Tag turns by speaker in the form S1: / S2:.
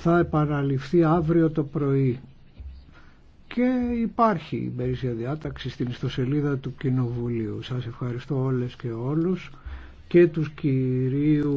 S1: θα επαναληφθεί αύριο το πρωί και υπάρχει η περίσσια διάταξη στην ιστοσελίδα του Κοινοβουλίου. Σας ευχαριστώ όλες και όλους
S2: και τους κυρίου